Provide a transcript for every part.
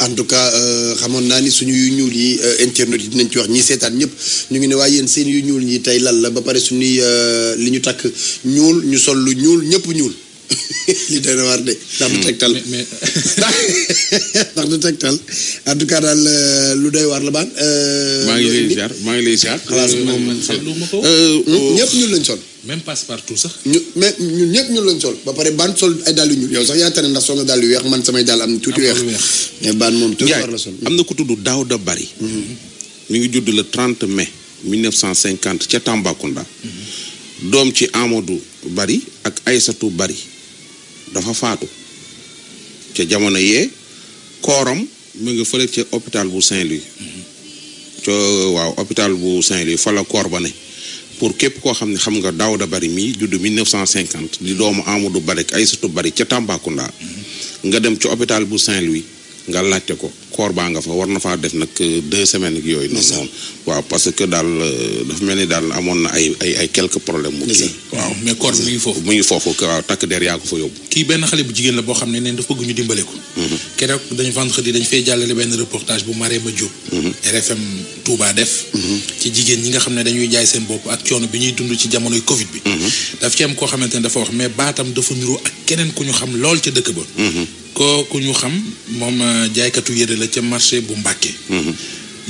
en tout cas euh, xamoon naa ni suñu yu ñuul yi euh, internet yi dinañ ci wax ñi seetaan ñëpp ñu ngi ne waa yéen seen yu ñuul ñi tey lan la ba pare suñuy euh, li ñu takk ñuul ñu sol lu ñuul ñëpp ñuul. li waar de. ndax du hmm. tegtal ndax du tegtal en tout cas daal euh, lu doy waar la baan. Euh, maa ngi lay ziar maa ngi lay ziar. xalaas euh, moom ñëpp ñun lañ sol. même passe partout sax. mais ñun ñëpp ñun lañ ba pare baan sol ay dàll yu sax yaa tane ndax sol nga dàll weex man samay dàll am na tuuti weex. mais baan moom tuuti war la sol. am na ku tudd Daouda Bari. Mm-hmm. mi ngi judd le 30 mai 1950 ca Tambacounda. Mm-hmm. doom ci Amadou Bari ak Aysatu Bari. dafa faatu ca jamono yee kooram mu ngi fële ca hôpital bu Saint-Louis ca waaw hôpital bu Saint-Louis fa koor ba ne pour képp koo xam ne xam nga daaw da Bari mii judd 1950 di doomu du Bari ak Aïssatou Bari ca Tambacounda nga dem ci hôpital bu Saint-Louis nga laajte ko koor baa nga fa war na faa def nag euh, deux semaines yooyu noonu noonu waaw parce que daal euh, dafa mel ni daal amoon na ay ay ay quelques problèmes mu waaw mais koor mu ngi foofu mu ngi foofu waaw takk der yaa ko fa yóbbu kii benn xale bu jigéen la boo xam ne neen dafa bëgg ñu dimbale ko mhm. keroog dañu fay jàllale benn reportage bu Marème Diop RFM mhm. Touba def mhm. ci jigéen ñi nga xam ne dañuy jaay seen bopp ak coono bi ñuy dund ci jamonoy Covid bi daf ci am xamante ne dafa wax mais baatam dafa niroo ak keneen ku ñu xam lool ca dëkk ba kooku ñu xam moom euh, jaaykatu yére la ca marché bu Mbàkke mhm.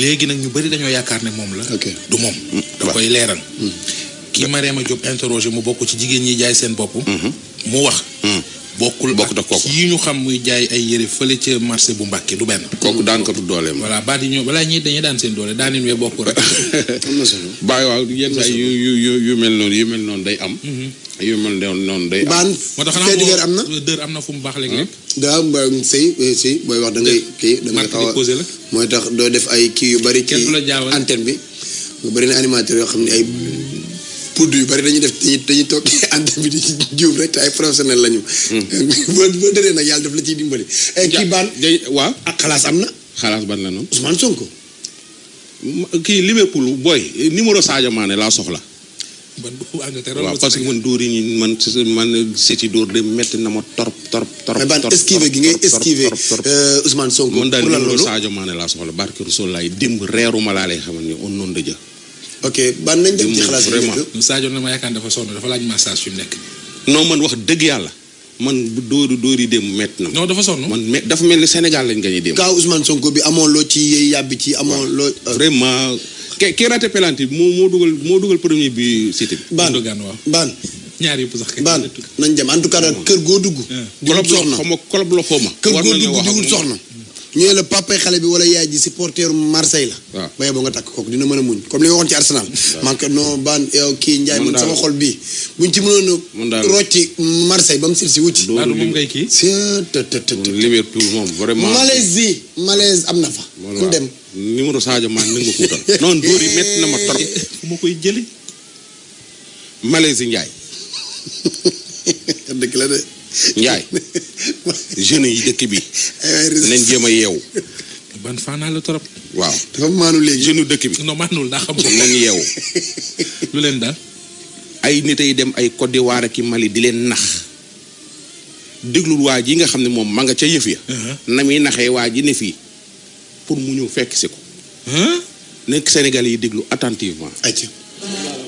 léegi nag ñu bëri dañoo yaakaar ne moom la du moom mm, da koy leeral mm. kii Mariama Diop interrogé mu bokk ci jigéen ñi jaay seen bopp mhm. mu wax mm. bokkul bokk ak kooku yi ñu xam muy jaay ay yére fële ca marché bu Mbàkke du benn. kooku daan katu dooleem. voilà baat yi ñëw balaa ñuy dañuy daan seen doole daanin wee bokkul rek. am na solo waaw yenn saa yu yu yu yu noonu yu mel noonu day am. Mm-hmm. yu mel noonu day am. baan fee dëgër am na dër am na fu mu baax léegi. Ah. daa sëy eh, sëy booy wax da ngay kii da ngay xaw a mooy tax doo def ay kii yu bari. kenn du la jaawale ci antenne bi. mu bari na animateur yoo xam ne ay. produit yu bari dañuy def dañuy dañuy toog ante bi di jiw rek te ay professionnel la ñu. boo boo dëree nag yàlla daf la ciy dimbali. Eh, kii baan waaw ak xalaas am na. xalaas ban la noonu. Ousmane Sonko. kii Liverpool booy numéro Sadio Mané laa soxla. waaw parce que man dóor yi man man seeti dóor de métti na ma torop torop torop. mais ban esquivé gi ngay esquivé euh, Ousmane Sonko. pour lan loolu man daal numéro Sadio Mané laa soxla barke Rousseau laay démb reeru ma laa lay xamal ni on non de ok ban nañ dem ci xalaas vraiment Sadio na ma yaakaar dafa sonn dafa laaj massage fi mu nekk. non man wax dëgg yàlla man bu dóoru dóori démb métti na ma. dafa sonn man mét dafa mel ni Sénégal lañ gañe démb. kaa Ousmane Sonko bi loo ci yàbbi ci amoon loo. Euh. vraiment ke ki raté penalty moo moo dugal moo dugal premier bi cité bi. baan baan ñaar yëpp sax baan nañ dem en tout cas kër goo dugg. diwul ah. soxna kolob soxna xaw ma kolob la xaw ma. kër goo dugg diwul soxna. ñu ne la papay xale bi wala yaay ji supporter Marseille la. waaw ba boo nga takk kooku dina mën a muñ comme li nga waxoon ci Arsenal. waaw man non ban eh, kii Ndiaye man sama xol bii. buñ ci mënoon a. mun daal rocci Marseille ba mu si si wuti. loolu moom ngay kii. Liverpool moom vraiment. Malaisie malaise am na fa. ku dem numéro Sadio Mané nangu ko wutal. non dóor yi na ma trop. Eh, fu ma koy jëli. Malaisie Ndiaye. dëgg la Ndiaye jeunes yi dëkk bi. nañ jéem a yeewu. ban naa la trop. waaw dafa maanu léegi dëkk bi. non maanul daa xam ko nañ yeewu. lu leen daal. ay nit ay dem ay Côte Mali di leen nax. déglul ji nga xam ne moom ma nga ca yëf uh-huh. na muy naxee waa ji ne fii pour mu ñëw fekk si ko. nekk senegal yi déglu attentivement.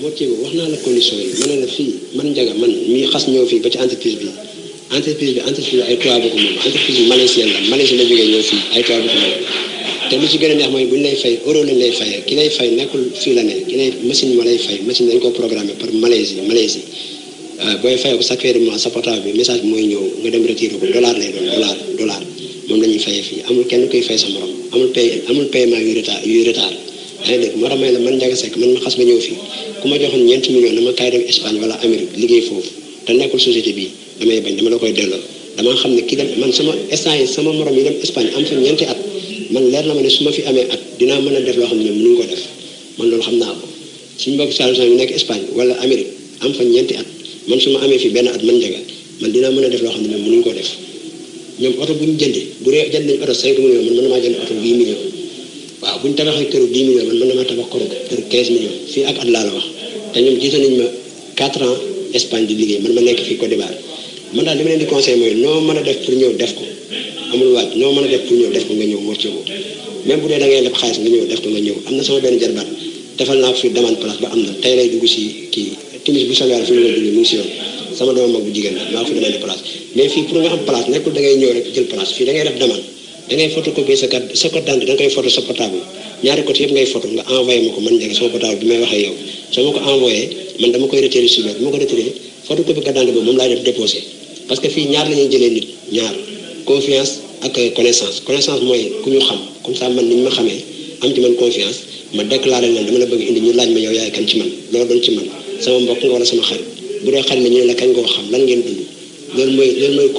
boo ah, wax naa la condition yi fii man njaga man xas ñëw fii ba ci entreprise bi. entreprise bi entreprise bi ay tubaab ko moom entreprise bi malaisienne la Malaisie la jógee ñëw fii ay tubaab ko moom te lu ci gën a neex mooy bu ñu lay fay euro lañ lay fayee ki lay fay nekkul fii la ne ki lay machine ma lay fay machine dañ ko programmé par Malaisie Malaisie euh, booy fayee ko chaque fin de mois sa portable bi message bi mooy ñëw nga dem retiré ko dollar lay doon dollar dollar moom la ñuy fayee fii amul kenn kuy fay sa morom amul pay amul paiement yu retard yu retard yaa ngi dégg moo tax may la man Ndiaga Seck man ma xas ba ñëw fii ku ma joxoon ñeenti millions na ma kaay dem Espagne wala Amérique liggéey foofu te nekkul société bii damay bañ dama la koy dellal dama xam ne kii dem man sama instant yi sama morom yi dem Espagne am fa ñeenti at man leer na ma ne su ma fi amee at dinaa mën a loo xam ne mënuñ ko def man loolu xam naa ko suñu mbokk saalum saalum nekk Espagne wala Amérique am fa ñeenti at man su ma amee fi benn at man njega man dinaa mën a def loo xam ne mënuñ ko def ñoom ñu jëndee dee jënd oto 5 millions man mën na maa jënd oto 10 millions waaw bu ñu tabaxee këru 10 millions man mën na maa tabax këru këru 15 millions fii ak at laa la wax te ñoom jiite nañ ma 4 ans Espagne di liggéey man ma nekk fii Côte d'Ivoire man daal li ma di conseil mooy noo mën a def pour ñëw def ko amul waaj noo mën a def pour ñëw def ko nga ñëw morcé ko même bu dee da ngay xaalis nga ñëw def ko nga ñëw am na sama benn jarbaat defal naa fi demande place ba am na tey lay dugg si kii timis bu soobee yàlla fi mu la dugg mu ngi si yoon nga am place nekkul fii da ngay def demande da sa carte sa carte d'identité photo sa portable ñaari côté yëpp ngay photo nga envoyé man dama koy retiré suba parce que fii ñaar la ñuy jëlee nit ñaar confiance ak connaissance connaissance mooy ku ñu xam comme ça man ni ñu ma xamee am ci man confiance ma déclaré leen dama la bëgg indi ñu laaj ma yow yaay kan ci man loo doon ci man sama mbokk nga wala sama xarit bu dee ko xam ngeen dund loolu mooy loolu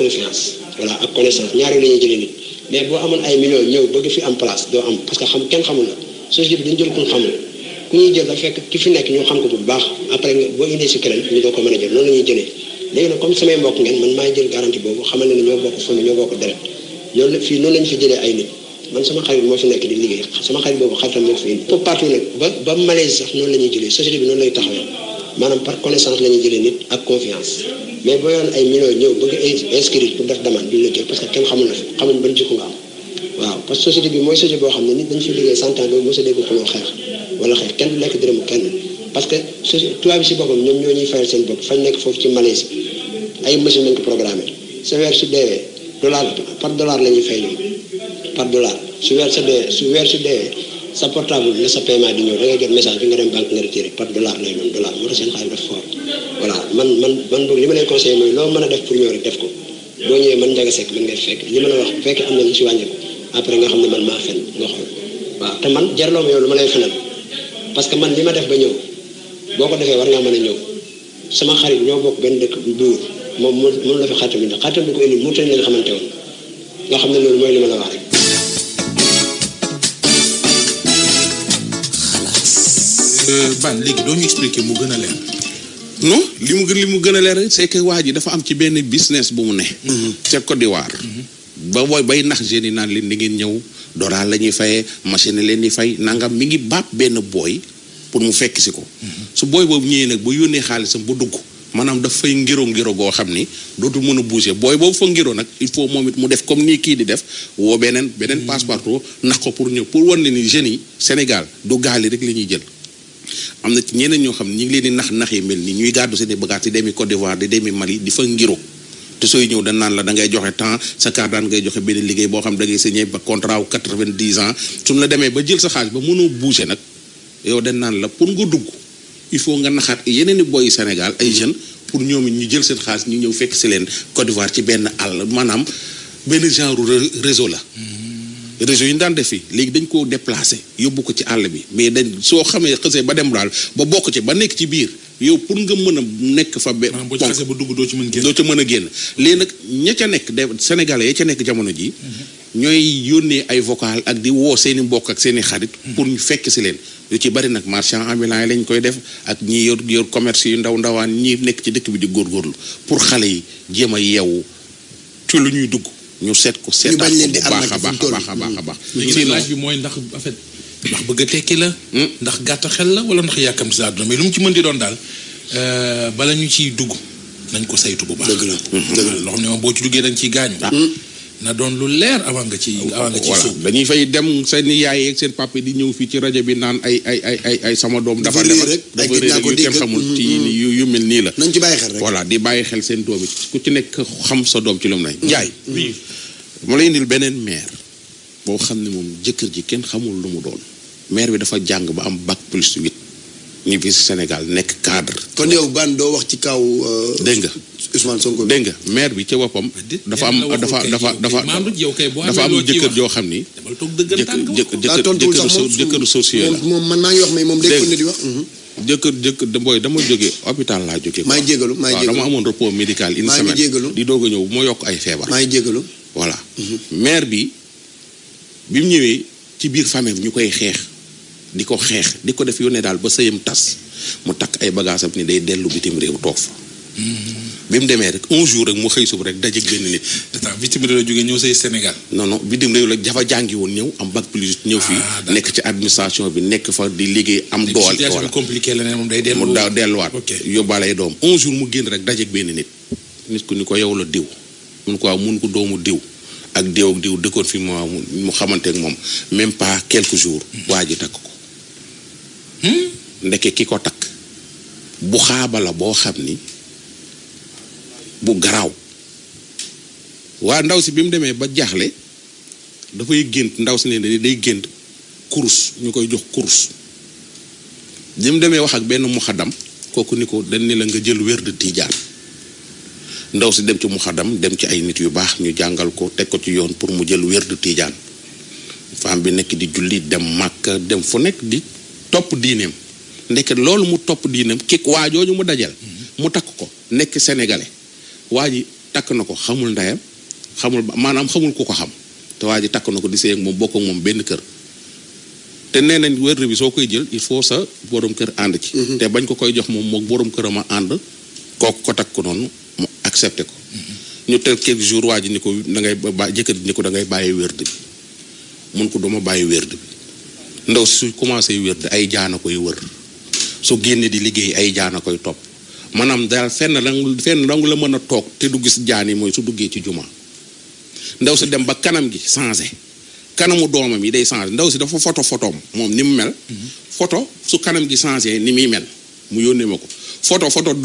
ñaar yooyu la ñuy jëlee nit mais boo amoon ay millions ñëw bëgg fi am place doo que xam kenn xamul la société bi ku ñu ñuy jël da fekk ki fi nekk ñu xam ko bu baax après boo indee si keneen ñu doo ko mën a jël loolu la ñuy léegi nag comme samay mbokk ngeen man maay jël garantie boobu xamal ne ne ñoo bokk famille ñoo bokk deret loolu la fii noonu lañu jëlee ay nit noonu la ñuy jëlee maanaam par connaissance la jëlee nit ak confiance mais boo yoon ay millions ñëw bëgg a inscrire pour def demande duñ la jël parce que kenn xamul na fi xamul ban a dégg ko xeex wala xeex kenn du lekk dërëmu kenn parce que su tubaab boppam ñoom ñoo ñuy fayal seen bopp fañ nekk foofu ci Malaisie ay machine lañ ko programmé la ñuy fay ñoom par dollar su weer sa deewee su weer su deewee sa portable la sa paiement di ñëw da ngay jot message dollar lay dollar moo tax seen loo mën a pour ñëw rek ko boo ñëwee man Ndiaga Seck man ngay fekk wax bu fekkee am na lu si wàññeeku après nga xam ne man parce que man li ma def ba ñëw boo ko defee war ngaa mën ñëw sama xarit ñoo bokk benn dëkk bu buur moom moom la fi xaatam bi xaatam bi ko mu ne mooy li ma la wax rek. Euh, mu gën a leer. non li mu gën a leer c'est que waa ji dafa am ci benn business bu mu ne. Mhm. ca Côte d'Ivoire. Mhm. ba booy bay nax jeunes yi naan leen di ngeen ñëw doraal la ñuy fayee machine leen di fay nangam mi ngi baab benn booy. pour mu fekk si ko. su booy boobu ñëwee nag ba yónnee xaalisam ba dugg. maanaam daf fay ngiro ngiro goo xam ni dootul mën a bouger booy boobu fa ngiro nag il faut moom mu def comme nii kii di def woo beneen beneen hmm. passeport nax pour ñëw pour wan ne ni jeunes yi Sénégal du gaali rek li ñuy jël am na ci ñeneen ñoo xam ne ñu ngi leen di nax nax yi mel ni ñuy gàddu seen i bagages di demi Côte d'Ivoire di demi Mali di fa ngiro te sooy ñëw dañ naan la da ngay joxe temps sa carte daan ngay joxe benn liggéey boo xam da ngay signé ba contrat wu quatre-vingt-dix ans suñ la demee ba jël sa xaalis ba mënoo bouger nag yow dañ naan la pour nga dugg il faut nga naxaat yeneen i boy Sénégal ay jeunes pour ñoom ñu jël seen xaalis ñu ñëw fekk si leen Côte d'Ivoire ci benn àll maanaam benn genre réseau la. Mm. réseau yi ñu daan def fii léegi dañ koo déplacé yóbbu ko ci àll bi mais dañ soo xamee xasee ba dem daal ba bokk ci ba nekk ci biir yow pour nga mën a nekk fa. be boo ci ba dugg doo ci mën a génn. mën a génn léegi nag ña ca nekk de Sénégalais ca nekk jamono ji mm-hmm. ñooy yónnee ay vocal ak di woo seen mbokk ak seen i xarit pour ñu fekk si leen yu ci bari nag marchand ambulant yi lañ koy def ak ñi yor yor commerce yu ndaw ndawaan ñi nekk ci dëkk bi di góorgóorlu pour xale yi jéem a yeewu ci lu ñuy dugg ñu seet ko seetaan ko baax a baax a baax a baax léegi laaj bi mooy ndax en fait ndax bëgg tekki la hmm? ndax gàtt xel la wala ndax yàkkam si àdduna mais lu mu ci mën di doon daal euh, bala ñu ciy dugg nañ ko saytu bu baax loo xam boo ci duggee dañ ciy gaañu hmm? na doon lu leer avant nga ci avant nga ci dañuy fay dem seen yaay ak seen papa di ñëw fii ci rajo bi naan ay ay ay ay sama doom dafa dafa rek yu kenn xamul ci mm-hmm. yu mel nii la nañ ci bàyyi xel voilà di bàyyi xel seen doom yi ku ci nekk xam sa doom ci lu ma ne njaay ma lay indil beneen maire boo xam ne moom jëkkër ji kenn xamul lu mu doon maire bi dafa jàng ba am bac plus huit ñu fi Sénégal nekk cadre kon yow ban doo wax ci kaw euh, dégg nga Ousmane Sonko dégg nga maire bi ci woppam dafa am dafa dafa dafa dafa am jëkkër joo xam ni. jëkkër jëkkëru sorcier la moom man maa ngi wax mais moom day mm-hmm. mm-hmm. jëkkër jëkkër booy dama jóge hôpital laa jóge. maay jégalu maay jégalu dama amoon repos médical. une semaine di doog a ñëw moo yokk ay feebar. maay jégalu voilà. Mm-hmm. maire bi bi mu ñëwee ci biir famille ñu koy xeex di ko xeex di ko def yónnee daal ba sëyam tas mu takk ay bagaasam ni day dellu bitim réew toog bi mu demee rek un jour rek mu xëy suba rek dajeeg benn nit. attends victime bi la jógee ñëw say Sénégal. non non victime la dafa jàngi woon ñëw am bac plus ñëw fii. Ah, nekk ci administration bi nekk fa di liggéey am. doole situation bi compliqué la ne moom day dellu mu daa delluwaat yóbbaale doom un jour mu génn rek dajeeg benn nit. nit ku ni ko yow la diw. mun ko waaw mun ko doomu diw. ak diw ak diw dëkkoon fi mu mu xamante ak moom même pas quelques jour hmm. waa ji takk ko. Hmm? ndeke ki ko takk. bu xaaba la boo xam ni. bu garaaw waa ndaw si bi mu demee ba jaxle dafay gént ndaw si ne day gént kurus ñu koy jox kurus bi mu demee wax ak benn muxadam kooku ni ko dañ ne la nga jël wér de tijaan ndaw si dem ci muxadam dem ci ay nit yu baax ñu jàngal ko teg ko ci yoon pour mu jël wér de tijaan femme bi nekk di julli dem màkk dem fu nekk di topp diineem ndeket loolu mu topp diineem kik waa jooju mu dajal mu takk ko nekk sénégalais waa ji takk na ko xamul ndeyam xamul maanaam xamul ku ko xam te waa ji takk na ko di sëy moom bokk ak moom benn kër te nee nañ wér bi soo koy jël il faut sa borom kër ànd ci mm-hmm. te bañ ko koy jox moom mook boroom këram a ànd kook ko takk noonu mu accepté ko mm-hmm. ñu te quelques jours waa ji ni ko da ngay ba jëkkër ji ni ko da ngay bàyyi wérd bi mun ko duma bàyyi wérd bi ndaw su commencé wérd ay jaana koy wër su génne di liggéey ay jaana koy topp maanaam daal fenn dang fenn dang la mën a toog te du gis jaan yi mooy su duggee ci juma ndaw si dem ba kanam gi changé kanamu doomam yi day changé ndaw si dafa foto photoom moom ni mu mel mhm. photo su kanam gi changé ni muy mel mu yónnee ma ko photo photo